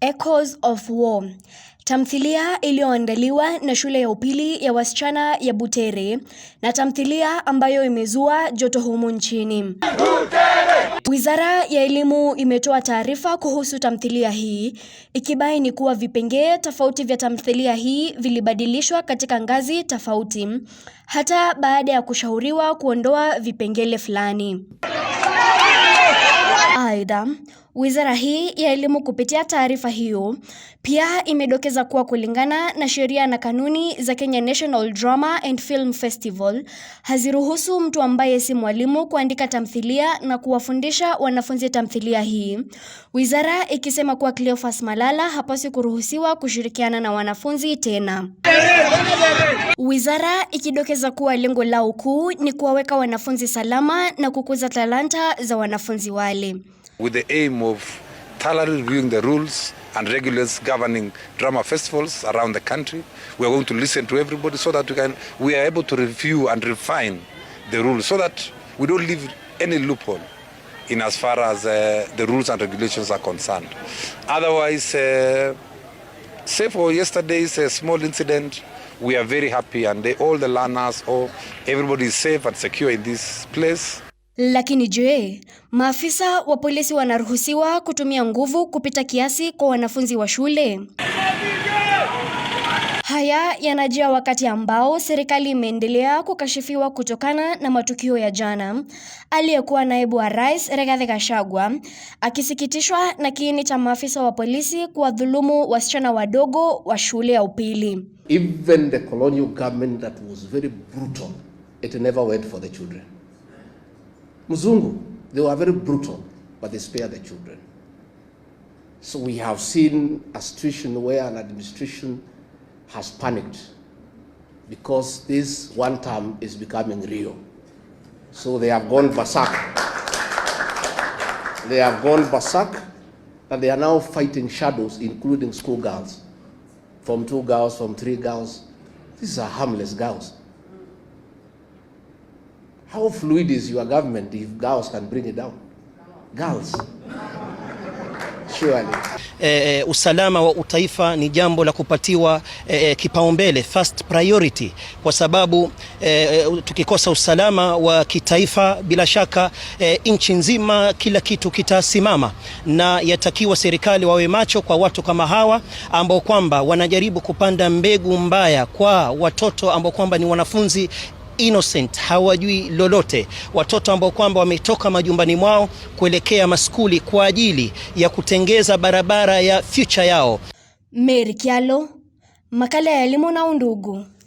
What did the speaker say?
Echoes of War, tamthilia iliyoandaliwa na shule ya upili ya wasichana ya Butere na tamthilia ambayo imezua joto humu nchini. Butere! Wizara ya Elimu imetoa taarifa kuhusu tamthilia hii ikibaini kuwa vipengee tofauti vya tamthilia hii vilibadilishwa katika ngazi tofauti hata baada ya kushauriwa kuondoa vipengele fulani. Aidha, Wizara hii ya Elimu kupitia taarifa hiyo pia imedokeza kuwa kulingana na sheria na kanuni za Kenya National Drama and Film Festival haziruhusu mtu ambaye si mwalimu kuandika tamthilia na kuwafundisha wanafunzi tamthilia hii. Wizara ikisema kuwa Cleophas Malala hapaswi kuruhusiwa kushirikiana na wanafunzi tena. Wizara ikidokeza kuwa lengo lao kuu ni kuwaweka wanafunzi salama na kukuza talanta za wanafunzi wale. with the aim of thoroughly reviewing the rules and regulations governing drama festivals around the country. We are going to listen to everybody so that we can we are able to review and refine the rules so that we don't leave any loophole in as far as uh, the rules and regulations are concerned. Otherwise, uh, save for yesterday's uh, small incident, we are very happy and they, all the learners, all, everybody is safe and secure in this place. Lakini je, maafisa wa polisi wanaruhusiwa kutumia nguvu kupita kiasi kwa wanafunzi wa shule? Haya yanajia wakati ambao serikali imeendelea kukashifiwa kutokana na matukio ya jana. Aliyekuwa naibu wa rais Rigathi Gachagua akisikitishwa na kiini cha maafisa wa polisi kuwadhulumu wasichana wadogo wa shule ya upili. Even the colonial government that was very brutal, it never went for the children. Muzungu, They were very brutal, but they spared the children. So we have seen a situation where an administration has panicked because this one term is becoming real. So they have gone berserk. they have gone berserk, and they are now fighting shadows, including schoolgirls, from two girls, from three girls. These are harmless girls. How fluid is your government if girls can bring it down? Girls. Surely. Eh, eh usalama wa utaifa ni jambo la kupatiwa eh, eh kipaumbele first priority kwa sababu eh, eh, tukikosa usalama wa kitaifa bila shaka eh, nchi nzima kila kitu kitasimama, na yatakiwa serikali wawe macho kwa watu kama hawa ambao kwamba wanajaribu kupanda mbegu mbaya kwa watoto ambao kwamba ni wanafunzi innocent, hawajui lolote, watoto ambao kwamba wametoka majumbani mwao kuelekea maskuli kwa ajili ya kutengeza barabara ya future yao. Mary Kyalo, makala ya elimu na Undugu.